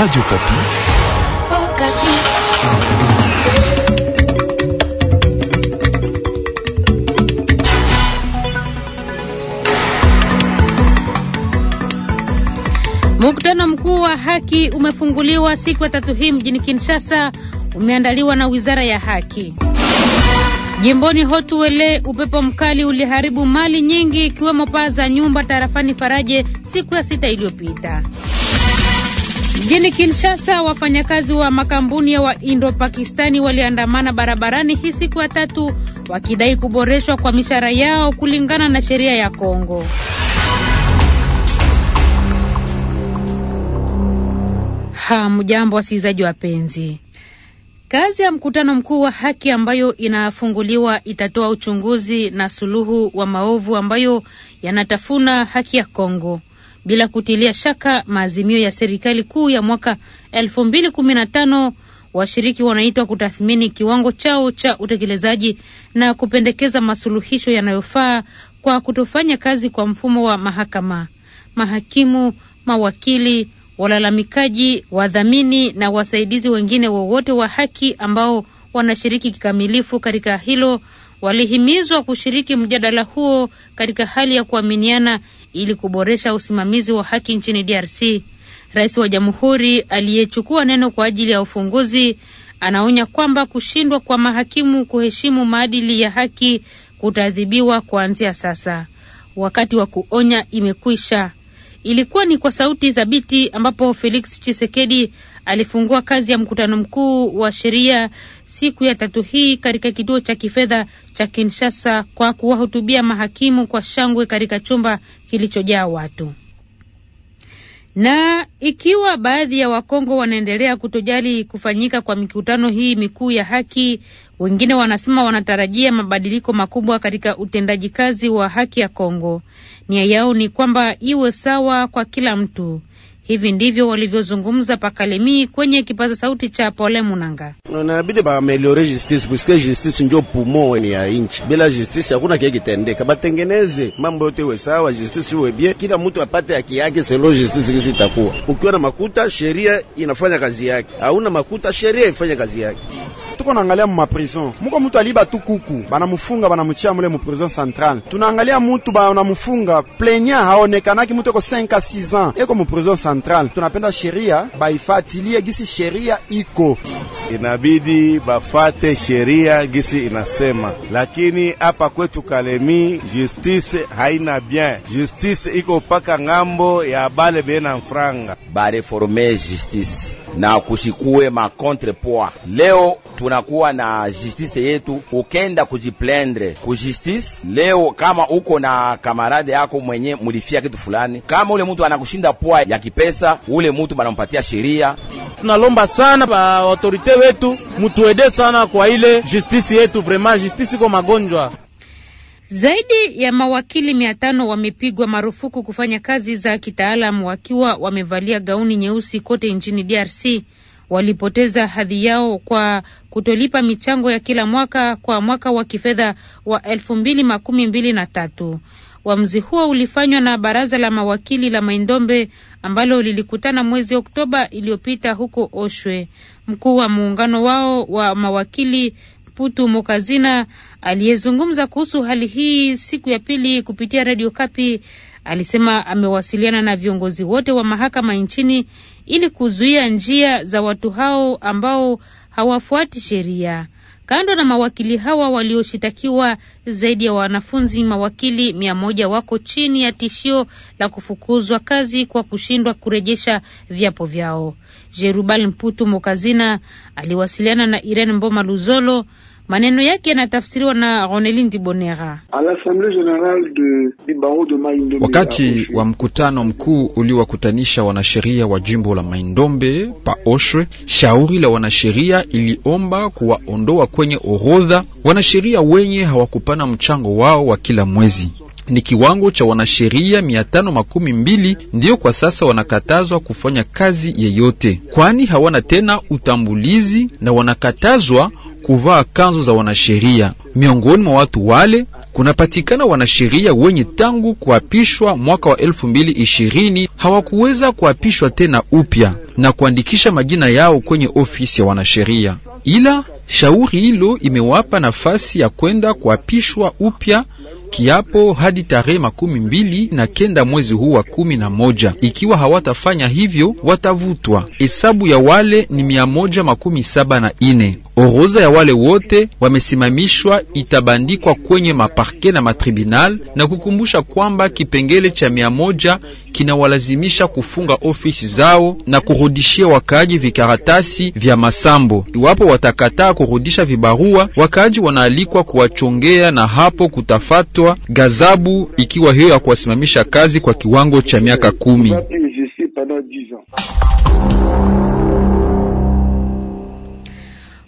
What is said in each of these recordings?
Radio Kapi. Oh, Kapi. Mkutano mkuu wa haki umefunguliwa siku ya tatu hii mjini Kinshasa, umeandaliwa na Wizara ya Haki. Jimboni Hotuwele, upepo mkali uliharibu mali nyingi ikiwemo paa za nyumba tarafani Faraje siku ya sita iliyopita. Mjini Kinshasa, wafanyakazi wa makampuni ya Waindo Pakistani waliandamana barabarani hii siku ya tatu wakidai kuboreshwa kwa mishahara yao kulingana na sheria ya Kongo. Hamjambo wasikilizaji wapenzi. Kazi ya mkutano mkuu wa haki ambayo inafunguliwa itatoa uchunguzi na suluhu wa maovu ambayo yanatafuna haki ya Kongo bila kutilia shaka maazimio ya serikali kuu ya mwaka 2015. Washiriki wanaitwa kutathmini kiwango chao cha utekelezaji na kupendekeza masuluhisho yanayofaa kwa kutofanya kazi kwa mfumo wa mahakama. Mahakimu, mawakili, walalamikaji, wadhamini na wasaidizi wengine wowote wa haki ambao wanashiriki kikamilifu katika hilo, walihimizwa kushiriki mjadala huo katika hali ya kuaminiana ili kuboresha usimamizi wa haki nchini DRC. Rais wa Jamhuri aliyechukua neno kwa ajili ya ufunguzi anaonya kwamba kushindwa kwa mahakimu kuheshimu maadili ya haki kutaadhibiwa kuanzia sasa. Wakati wa kuonya imekwisha. Ilikuwa ni kwa sauti thabiti ambapo Felix chisekedi alifungua kazi ya mkutano mkuu wa sheria siku ya tatu hii katika kituo cha kifedha cha Kinshasa kwa kuwahutubia mahakimu kwa shangwe katika chumba kilichojaa watu. Na ikiwa baadhi ya Wakongo wanaendelea kutojali kufanyika kwa mikutano hii mikuu ya haki, wengine wanasema wanatarajia mabadiliko makubwa katika utendaji kazi wa haki ya Kongo. Nia yao ni kwamba iwe sawa kwa kila mtu. Hivi ndivyo walivyozungumza Pakalemi kwenye kipaza sauti cha Pole Munanga. Inabidi baameliore justice puisque justice njo pumo ya inchi. Bila justice hakuna kile kitendeka, batengeneze mambo yote iwe sawa, justice iwe bien, kila mtu apate haki yake selo justice kisi itakuwa. Ukiwa na makuta, sheria inafanya kazi yake, hauna makuta, sheria ifanye kazi yake. Tuko naangalia mu maprison, muko mtu aliba tu kuku banamufunga banamuchia mule mu centrale. Tunaangalia mtu banamufunga plenya haonekanaki, mtu eko 5 6 ans eko mu centrale Central. Tunapenda sheria baifatilie gisi sheria iko, inabidi bafate sheria gisi inasema, lakini hapa kwetu Kalemi justice haina bien. Justice iko mpaka ngambo ya bale bena mfranga bareforme justice na kusikue makontrepoa. Leo tunakuwa na justice yetu, ukenda kujiplendre ku justice leo, kama uko na kamarade yako mwenye mulifia kitu fulani, kama ule mtu anakushinda poa ya kipesa, ule mtu banampatia sheria. Tunalomba sana ba autorite wetu mutuede sana kwa ile justice yetu, vraiment justice kwa magonjwa zaidi ya mawakili mia tano wamepigwa marufuku kufanya kazi za kitaalamu wakiwa wamevalia gauni nyeusi kote nchini DRC. Walipoteza hadhi yao kwa kutolipa michango ya kila mwaka kwa mwaka wa kifedha wa elfu mbili makumi mbili na tatu. Uamuzi huo ulifanywa na baraza la mawakili la Maindombe ambalo lilikutana mwezi Oktoba iliyopita huko Oshwe. Mkuu wa muungano wao wa mawakili Putu Mokazina aliyezungumza kuhusu hali hii siku ya pili kupitia Radio Kapi alisema amewasiliana na viongozi wote wa mahakama nchini ili kuzuia njia za watu hao ambao hawafuati sheria. Kando na mawakili hawa walioshitakiwa, zaidi ya wanafunzi mawakili mia moja wako chini ya tishio la kufukuzwa kazi kwa kushindwa kurejesha viapo vyao. Jerubal Mputu Mokazina aliwasiliana na Irene Mboma Luzolo Maneno yake yanatafsiriwa na Ronelin Dibonera. Wakati wa mkutano mkuu uliowakutanisha wanasheria wa jimbo la Maindombe pa Oshwe, shauri la wanasheria iliomba kuwaondoa kwenye orodha wanasheria wenye hawakupana mchango wao wa kila mwezi ni kiwango cha wanasheria mia tano makumi mbili ndiyo kwa sasa wanakatazwa kufanya kazi yeyote, kwani hawana tena utambulizi na wanakatazwa kuvaa kanzu za wanasheria. Miongoni mwa watu wale kunapatikana wanasheria wenye tangu kuapishwa mwaka wa elfu mbili ishirini hawakuweza kuapishwa tena upya na kuandikisha majina yao kwenye ofisi ya wanasheria, ila shauri hilo imewapa nafasi ya kwenda kuapishwa upya kiapo hadi tarehe makumi mbili na kenda mwezi huu wa kumi na moja. Ikiwa hawatafanya hivyo watavutwa. Hesabu ya wale ni mia moja makumi saba na ine. Orodha ya wale wote wamesimamishwa itabandikwa kwenye maparke na matribunal, na kukumbusha kwamba kipengele cha mia moja kinawalazimisha kufunga ofisi zao na kurudishia wakaaji vikaratasi vya masambo. Iwapo watakataa kurudisha vibarua, wakaaji wanaalikwa kuwachongea na hapo kutafatwa gazabu, ikiwa hiyo ya kuwasimamisha kazi kwa kiwango cha miaka kumi.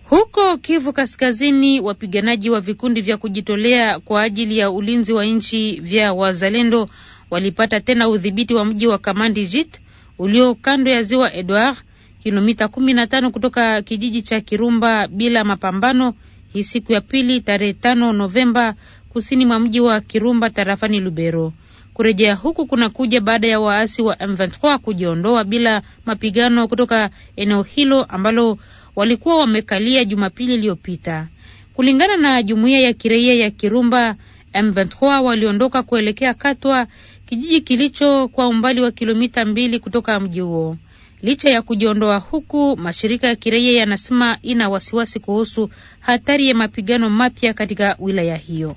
Huko Kivu Kaskazini, wapiganaji wa vikundi vya kujitolea kwa ajili ya ulinzi wa nchi vya Wazalendo walipata tena udhibiti wa mji wa Kamandi Jit ulio kando ya ziwa Edward, kilomita 15 kutoka kijiji cha Kirumba bila mapambano, hii siku ya pili tarehe 5 Novemba, kusini mwa mji wa Kirumba tarafani Lubero. Kurejea huku kunakuja baada ya waasi wa M23 kujiondoa bila mapigano kutoka eneo hilo ambalo walikuwa wamekalia Jumapili iliyopita. Kulingana na jumuiya ya kiraia ya Kirumba, M23 waliondoka kuelekea Katwa, kijiji kilicho kwa umbali wa kilomita mbili kutoka mji huo. Licha ya kujiondoa huku, mashirika ya kiraia yanasema ina wasiwasi kuhusu hatari ya mapigano mapya katika wilaya hiyo.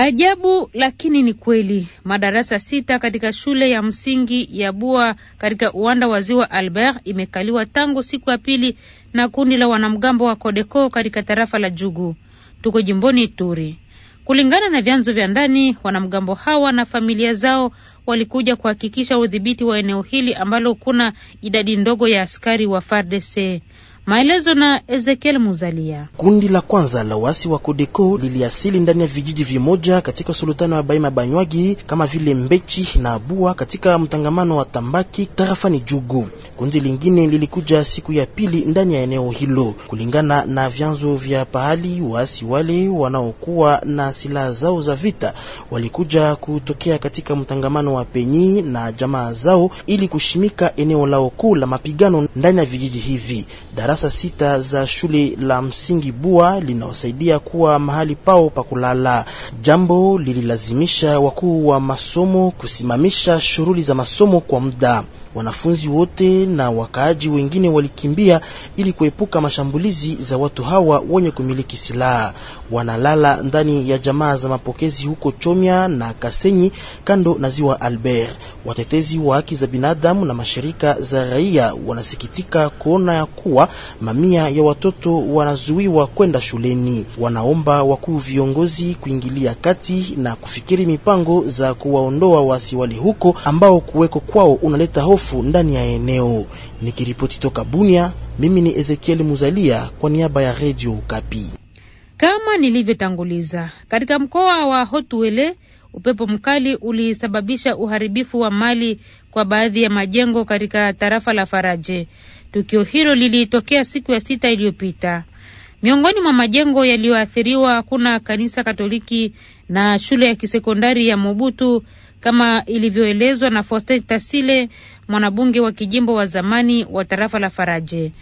Ajabu lakini ni kweli, madarasa sita katika shule ya msingi ya Bua katika uwanda wa ziwa Albert imekaliwa tangu siku ya pili na kundi la wanamgambo wa Kodeko katika tarafa la Jugu. Tuko jimboni Ituri. Kulingana na vyanzo vya ndani, wanamgambo hawa na familia zao walikuja kuhakikisha udhibiti wa eneo hili ambalo kuna idadi ndogo ya askari wa FARDC. Maelezo na Ezekiel Muzalia. Kundi la kwanza la waasi wa Kodeko liliasili ndani ya vijiji vimoja katika sultani wa Baima Banywagi kama vile Mbechi na Abua katika mtangamano wa Tambaki tarafani Jugu. Kundi lingine lilikuja siku ya pili ndani ya eneo hilo. Kulingana na vyanzo vya pahali, waasi wale wanaokuwa na silaha zao za vita walikuja kutokea katika mtangamano wa Penyi na jamaa zao ili kushimika eneo lao kuu la mapigano ndani ya vijiji hivi Darasa darasa sita za shule la msingi Bua linawasaidia kuwa mahali pao pa kulala, jambo lililazimisha wakuu wa masomo kusimamisha shughuli za masomo kwa muda. Wanafunzi wote na wakaaji wengine walikimbia ili kuepuka mashambulizi za watu hawa wenye kumiliki silaha. Wanalala ndani ya jamaa za mapokezi huko Chomya na Kasenyi, kando na ziwa Albert. Watetezi wa haki za binadamu na mashirika za raia wanasikitika kuona ya kuwa mamia ya watoto wanazuiwa kwenda shuleni. Wanaomba wakuu viongozi kuingilia kati na kufikiri mipango za kuwaondoa wasiwali huko ambao kuweko kwao unaleta hofu hofu ndani ya eneo. Nikiripoti toka Bunia, mimi ni Ezekiel Muzalia kwa niaba ya Redio Ukapi. Kama nilivyotanguliza katika mkoa wa Hotuele, upepo mkali ulisababisha uharibifu wa mali kwa baadhi ya majengo katika tarafa la Faraje. Tukio hilo lilitokea siku ya sita iliyopita. Miongoni mwa majengo yaliyoathiriwa kuna kanisa Katoliki na shule ya kisekondari ya Mobutu kama ilivyoelezwa na Foster Tasile, mwanabunge wa kijimbo wa zamani wa tarafa la Faraje.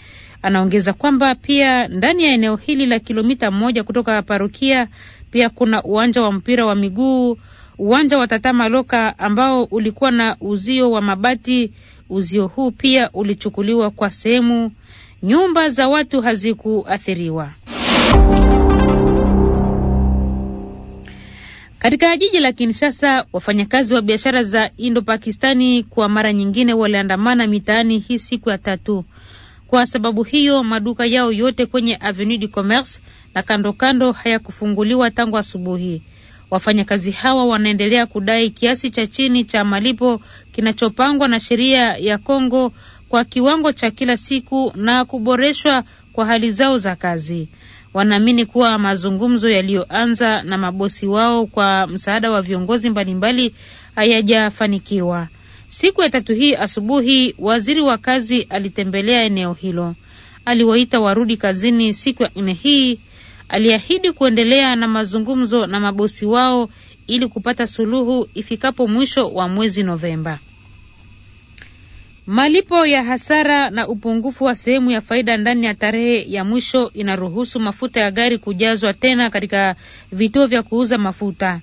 Anaongeza kwamba pia ndani ya eneo hili la kilomita moja kutoka parokia pia kuna uwanja wa mpira wa miguu, uwanja wa tatama loka ambao ulikuwa na uzio wa mabati. Uzio huu pia ulichukuliwa kwa sehemu. Nyumba za watu hazikuathiriwa. Katika jiji la Kinshasa, wafanyakazi wa biashara za Indo-Pakistani kwa mara nyingine waliandamana mitaani hii siku ya tatu. Kwa sababu hiyo, maduka yao yote kwenye Avenue du Commerce na kando kando hayakufunguliwa tangu asubuhi. Wafanyakazi hawa wanaendelea kudai kiasi cha chini cha malipo kinachopangwa na sheria ya Kongo kwa kiwango cha kila siku na kuboreshwa kwa hali zao za kazi wanaamini kuwa mazungumzo yaliyoanza na mabosi wao kwa msaada wa viongozi mbalimbali hayajafanikiwa. Siku ya tatu hii asubuhi, waziri wa kazi alitembelea eneo hilo, aliwaita warudi kazini siku ya nne hii. Aliahidi kuendelea na mazungumzo na mabosi wao ili kupata suluhu ifikapo mwisho wa mwezi Novemba. Malipo ya hasara na upungufu wa sehemu ya faida ndani ya tarehe ya mwisho inaruhusu mafuta ya gari kujazwa tena katika vituo vya kuuza mafuta.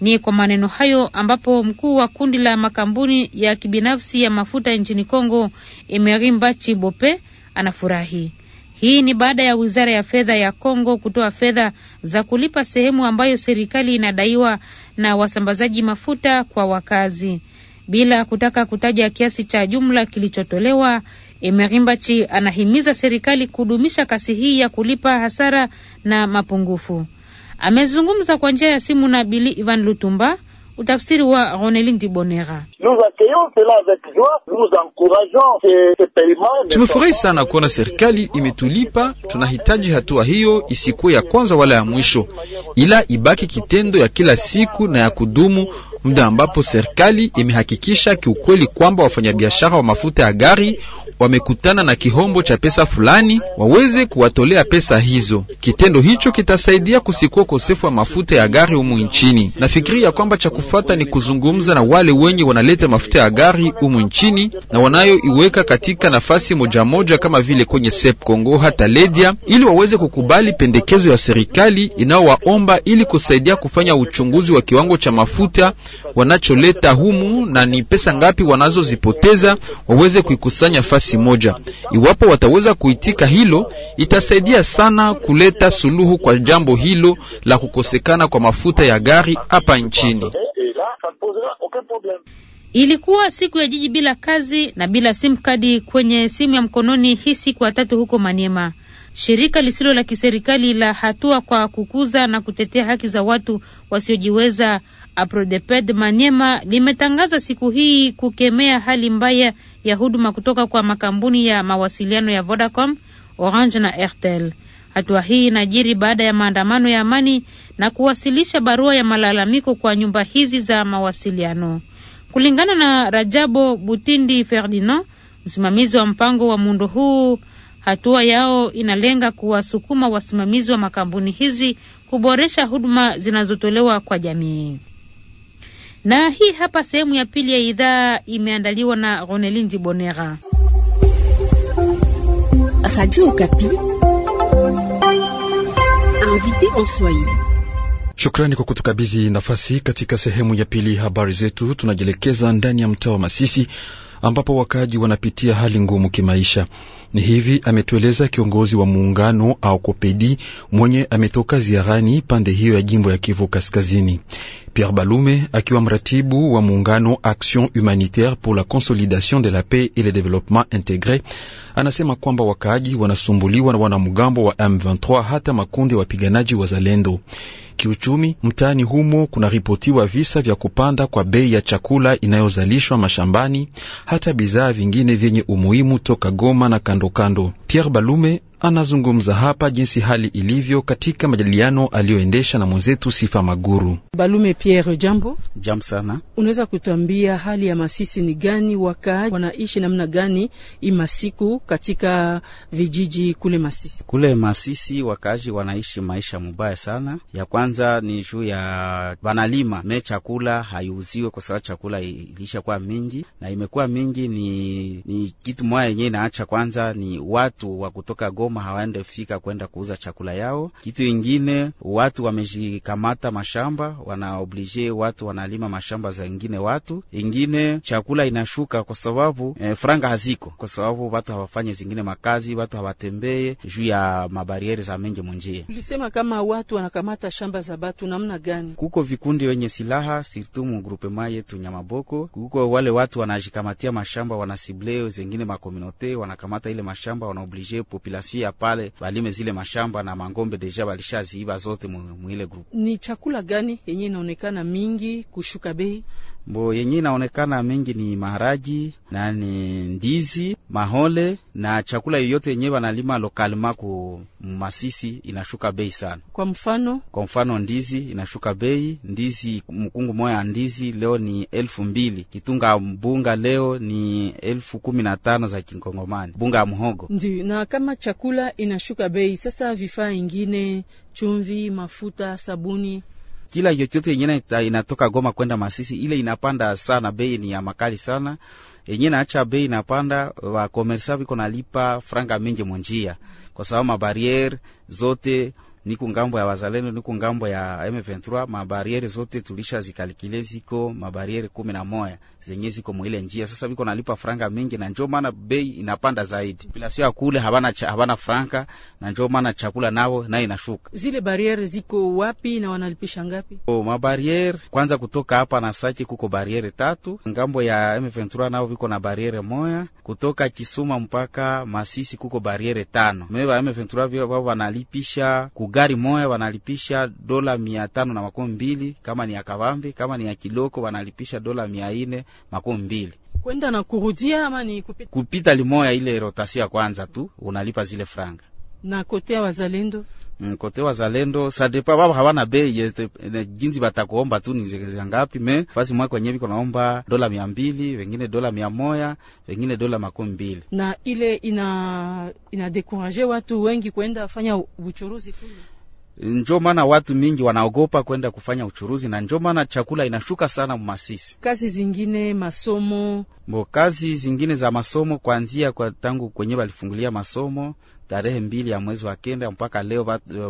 Ni kwa maneno hayo ambapo mkuu wa kundi la makampuni ya kibinafsi ya mafuta nchini Kongo, Emery Mbachi Bope, anafurahi. Hii ni baada ya wizara ya fedha ya Kongo kutoa fedha za kulipa sehemu ambayo serikali inadaiwa na wasambazaji mafuta kwa wakazi. Bila kutaka kutaja kiasi cha jumla kilichotolewa, Emerimbachi anahimiza serikali kudumisha kasi hii ya kulipa hasara na mapungufu. Amezungumza kwa njia ya simu na Bili Ivan Lutumba. Utafsiri wa Ronelin Dibonera. Tumefurahi sana kuona serikali imetulipa. Tunahitaji hatua hiyo isikuwe ya kwanza wala ya mwisho, ila ibaki kitendo ya kila siku na ya kudumu muda ambapo serikali imehakikisha kiukweli kwamba wafanyabiashara wa mafuta ya gari wamekutana na kihombo cha pesa fulani waweze kuwatolea pesa hizo. Kitendo hicho kitasaidia kusikua ukosefu wa mafuta ya gari humu nchini. ya kwamba cha kufata ni kuzungumza na wale wenye wanaleta mafuta ya gari humu nchini na wanayoiweka katika nafasi moja moja kama vile kwenye SEP Kongo hata Ledia, ili waweze kukubali pendekezo ya serikali inayowaomba ili kusaidia kufanya uchunguzi wa kiwango cha mafuta wanacholeta humu na ni pesa ngapi wanazozipoteza waweze kuikusanya fasi moja. Iwapo wataweza kuitika hilo, itasaidia sana kuleta suluhu kwa jambo hilo la kukosekana kwa mafuta ya gari hapa nchini. Ilikuwa siku ya jiji bila kazi na bila sim kadi kwenye simu ya mkononi hii siku ya tatu huko Maniema. Shirika lisilo la kiserikali la hatua kwa kukuza na kutetea haki za watu wasiojiweza Aprodeped Maniema limetangaza siku hii kukemea hali mbaya ya huduma kutoka kwa makampuni ya mawasiliano ya Vodacom, Orange na Airtel. Hatua hii inajiri baada ya maandamano ya amani na kuwasilisha barua ya malalamiko kwa nyumba hizi za mawasiliano. Kulingana na Rajabo Butindi Ferdinand, msimamizi wa mpango wa muundo huu, hatua yao inalenga kuwasukuma wasimamizi wa makampuni hizi kuboresha huduma zinazotolewa kwa jamii na hii hapa sehemu ya pili ya idhaa imeandaliwa na Ronelindi Bonera. Radio invité en Swahili. Shukrani kwa kutukabidhi nafasi katika sehemu ya pili habari zetu. Tunajielekeza ndani ya mtaa wa Masisi ambapo wakaaji wanapitia hali ngumu kimaisha. Ni hivi ametueleza kiongozi wa muungano au kopedi mwenye ametoka ziarani pande hiyo ya jimbo ya Kivu Kaskazini. Pierre Balume akiwa mratibu wa muungano Action Humanitaire pour la Consolidation de la Paix et le Développement Intégré, anasema kwamba wakaaji wanasumbuliwa na wa M23 hata makundi ya wapiganaji wazalendo. Kiuchumi, mtaani humo kunaripotiwa visa vya kupanda kwa bei ya chakula inayozalishwa mashambani, hata bidhaa vingine vyenye umuhimu toka Goma na kandokando. Pierre Balume anazungumza hapa jinsi hali ilivyo katika majadiliano aliyoendesha na mwenzetu Sifa Maguru. Balume Pierre, jambo. Jambo sana. Unaweza kutuambia hali ya Masisi ni gani, wakaaji wanaishi namna gani imasiku katika vijiji kule Masisi? Kule Masisi wakaaji wanaishi maisha mubaya sana ya kwanza kwanza ni juu ya banalima me chakula haiuziwe kwa sababu chakula ilishakuwa mingi na imekuwa mingi. Ni, ni kitu mwa yenye inaacha kwanza ni watu wa kutoka Goma hawaende fika kwenda kuuza chakula yao. Kitu ingine watu wamejikamata mashamba, wanaoblige watu wanalima mashamba za ingine watu ingine, chakula inashuka kwa sababu eh, franga haziko, kwa sababu watu hawafanye zingine makazi, watu hawatembee juu ya mabariere za mingi munjia. Ulisema kama watu wanakamata shamba nyumba za batu namna gani? Kuko vikundi wenye silaha sirtu mugrupema yetu Nyamaboko, kuko wale watu wanajikamatia mashamba, wanasible zengine makominote wanakamata ile mashamba, wanaoblige populasio ya pale balime zile mashamba na mangombe deja balishaziiba zote mwile grupu. Ni chakula gani yenye inaonekana mingi kushuka bei? Mbo yenye inaonekana mingi ni maharaji na ni ndizi, mahole na chakula yoyote yenye wanalima lokalima ku Masisi inashuka bei sana. Kwa mfano, kwa mfano mfano ndizi inashuka bei, ndizi mkungu moya ya ndizi leo ni elfu mbili kitunga bunga leo ni elfu kumi na tano za kikongomani bunga ya mhogo ndi, na kama chakula inashuka bei, sasa vifaa ingine chumvi, mafuta, sabuni kila yochote yenyene inatoka Goma kwenda Masisi, ile inapanda sana, bei ni ya makali sana, yenyewe naacha bei inapanda. Wakomersa viko nalipa franga mingi munjia, kwa sababu mabariere zote niko ngambo ya wazalendo, niko ngambo ya M23, mabariere zote tulisha zikalikile, ziko mabariere kumi na moya zenye ziko mwile njia. Sasa biko nalipa franka mingi, na njo maana bei inapanda zaidi, bila sio kule habana cha, habana franka, na njo maana chakula nao na inashuka. Zile bariere ziko wapi na wanalipisha ngapi? O, mabariere kwanza kutoka hapa na Sake kuko bariere tatu, ngambo ya M23 nao viko na bariere moja, kutoka Kisuma mpaka Masisi kuko bariere tano. Mimi wa M23 vio wanalipisha ku mugari moya wanalipisha dola mia tano na makumi mbili kama ni ya Kavambi, kama ni ya Kiloko wanalipisha dola mia ine makumi mbili kwenda na kurudia, ama ni kupita, kupita limoya ile rotasio ya kwanza tu unalipa zile franga na kotea wazalendo kote mm, wazalendo sadepa babo hawana bei jinsi batakuomba tu niza ngapi, me fasi mwa kwenye biko naomba dola mia mbili wengine dola mia moya wengine dola makumi mbili na ile ina dekuraje watu wengi kwenda fanya uchuruzi kule njo maana watu mingi wanaogopa kwenda kufanya uchuruzi, na njo maana chakula inashuka sana Mumasisi. Kazi zingine masomo mbo kazi zingine za masomo kuanzia kwa tangu kwenye walifungulia masomo tarehe mbili ya mwezi wa kenda mpaka leo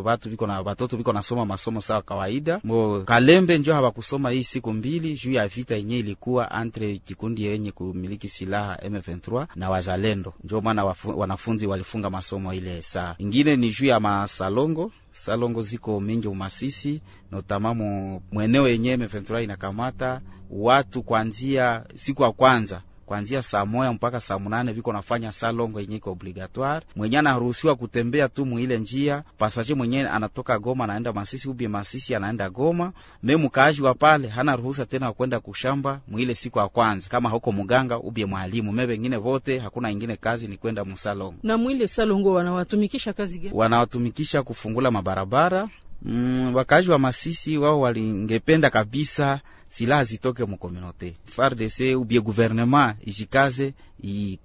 batu biko na batoto biko nasoma masomo sawa kawaida. Mo Kalembe njo hawakusoma hii siku mbili juu ya vita yenye ilikuwa entre kikundi yenye kumiliki silaha M23 na wazalendo, njo maana wanafunzi walifunga masomo ile. Saa ingine ni juu ya masalongo salongo ziko mingi umasisi notamamo mweneo yenye M23 inakamata watu kwanzia siku ya kwanza kuanzia saa moya mpaka saa munane viko nafanya salongo yenye iko obligatoire. Mwenye anaruhusiwa kutembea tu muile njia pasaje, mwenye anatoka Goma anaenda Masisi, ubie Masisi anaenda Goma. Me mkaaji wa pale hana ruhusa tena kwenda kushamba mwile siku ya kwanza, kama huko muganga ubie mwalimu, me wengine vote hakuna ingine kazi ni kwenda musalongo. Na mwile salongo wanawatumikisha kazi gani? Wanawatumikisha kufungula mabarabara. Mm, wakaaji wa Masisi wao walingependa kabisa silaha zitoke mukomunote. FARDC ubie guvernema ijikaze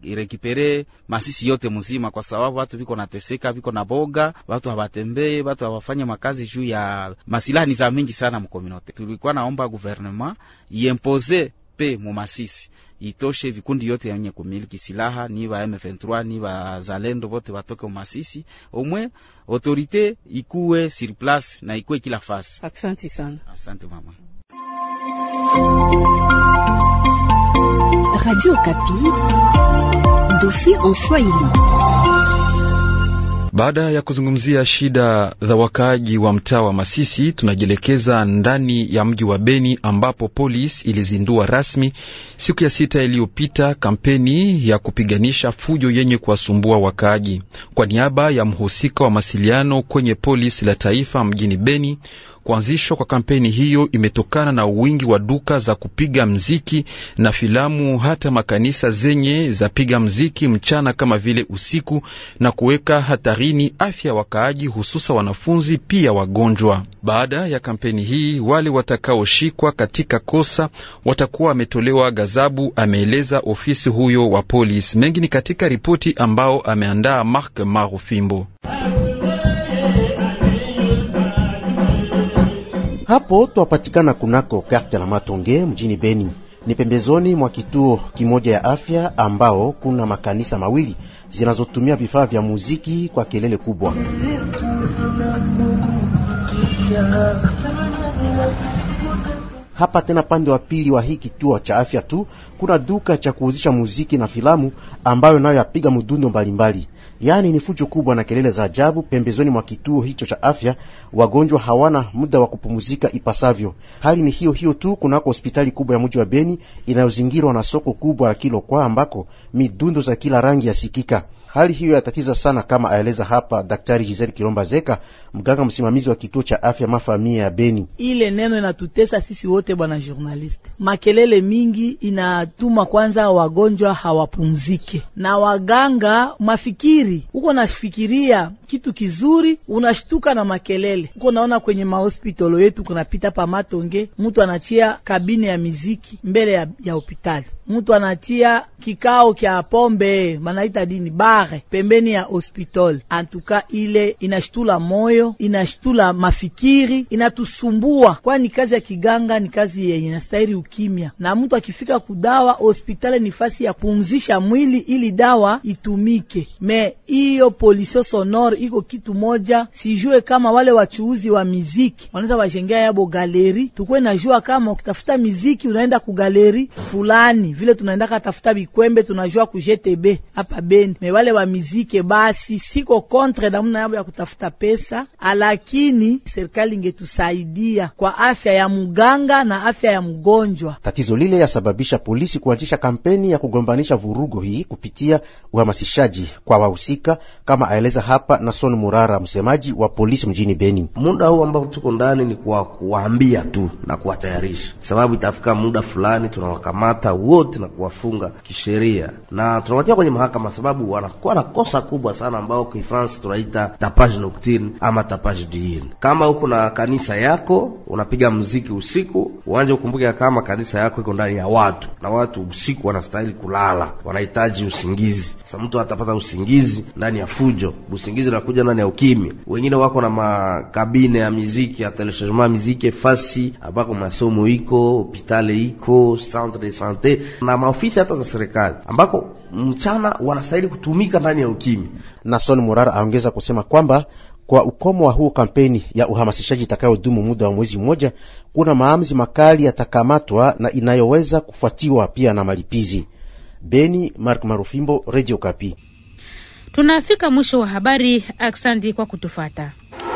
irekipere Masisi yote mzima, kwa sababu watu viko nateseka, viko na boga, watu hawatembee, watu hawafanye makazi juu ya masilaha ni za mingi sana komunote. Tulikuwa naomba guvernema iempoze pe masisi itoshe vikundi yote yenye kumiliki silaha ni ba M23 ni ba zalendo bote watoke umasisi, omwe autorite ikuwe sur place na ikuwe kila fasi. Asante sana, asante mama. Radio Kapi, dosi en Swahili. Baada ya kuzungumzia shida za wakaaji wa mtaa wa Masisi, tunajielekeza ndani ya mji wa Beni ambapo polisi ilizindua rasmi siku ya sita iliyopita kampeni ya kupiganisha fujo yenye kuwasumbua wakaaji. Kwa niaba ya mhusika wa mawasiliano kwenye polisi la taifa mjini Beni, Kuanzishwa kwa kampeni hiyo imetokana na wingi wa duka za kupiga mziki na filamu, hata makanisa zenye zapiga mziki mchana kama vile usiku, na kuweka hatarini afya ya wakaaji, hususa wanafunzi, pia wagonjwa. Baada ya kampeni hii, wale watakaoshikwa katika kosa watakuwa wametolewa gazabu, ameeleza ofisi huyo wa polisi. Mengi ni katika ripoti ambao ameandaa Mark Marufimbo. Hapo twapatikana kunako karte la Matonge mjini Beni, ni pembezoni mwa kituo kimoja ya afya ambao kuna makanisa mawili zinazotumia vifaa vya muziki kwa kelele kubwa hapa tena pande wa pili wa hii kituo cha afya tu kuna duka cha kuuzisha muziki na filamu ambayo nayo yapiga mdundo mbalimbali. Yaani ni fujo kubwa na kelele za ajabu pembezoni mwa kituo hicho cha afya. Wagonjwa hawana muda wa kupumzika ipasavyo. Hali ni hiyo hiyo tu kunako hospitali kubwa ya mji wa Beni inayozingirwa na soko kubwa la Kilokwa ambako midundo za kila rangi yasikika. Hali hiyo yatatiza sana, kama aeleza hapa Daktari Giselle kiromba Zeka, mganga msimamizi wa kituo cha afya mafamia ya Beni. Ile neno inatutesa sisi wote bwana journaliste, makelele mingi inatuma kwanza wagonjwa hawapumzike, na waganga mafikiri, uko nafikiria kitu kizuri, unashtuka na makelele. Uko naona kwenye mahospitalo yetu kunapita pa matonge, mtu anatia kabine ya miziki mbele ya, hopitali hospitali, mtu anatia kikao kya pombe, manaita dini ba mare pembeni ya hospital. Antuka ile inashtula moyo, inashtula mafikiri, inatusumbua, kwani kazi ya kiganga ni kazi yenye inastahili ukimya, na mtu akifika kudawa hospitali ni fasi ya pumzisha mwili ili dawa itumike. Me hiyo polisio sonore iko kitu moja, sijue kama wale wachuuzi wa miziki wanaweza wajengea yabo galeri, tukwe najua kama ukitafuta miziki unaenda kugaleri fulani, vile tunaenda katafuta bikwembe tunajua kujetebe hapa Beni me wale wale wa mizike basi siko kontre namna yao ya kutafuta pesa, lakini serikali ingetusaidia kwa afya ya mganga na afya ya mgonjwa. Tatizo lile yasababisha polisi kuanzisha kampeni ya kugombanisha vurugo hii kupitia uhamasishaji kwa wahusika, kama aeleza hapa Nason Murara, msemaji wa polisi mjini Beni. Muda huu ambao tuko ndani ni kwa kuwaambia tu na kuwatayarisha, sababu itafika muda fulani tunawakamata wote na kuwafunga kisheria na tunawatia kwenye mahakama, sababu wana kuwa na kosa kubwa sana ambao kwa France tunaita tapage nocturne ama tapage diurne. Kama uko na kanisa yako unapiga mziki usiku, uanze ukumbuke kama kanisa yako iko ndani ya watu na watu usiku wanastahili kulala, wanahitaji usingizi. Sasa mtu atapata usingizi ndani ya fujo, usingizi unakuja ndani ya ukimya. Wengine wako na makabine ya miziki ya teleshajema miziki fasi ambako masomo iko, hospitali iko, centre de sante na maofisi hata za serikali ambako mchana wanastahili kutumika kutumika ndani ya ukimi. Nason Murara aongeza kusema kwamba kwa ukomo wa huu kampeni ya uhamasishaji itakayodumu muda wa mwezi mmoja, kuna maamuzi makali yatakamatwa na inayoweza kufuatiwa pia na malipizi. Beni, Mark Marufimbo, Radio Kapi. Tunafika mwisho wa habari. Aksandi kwa kutufata.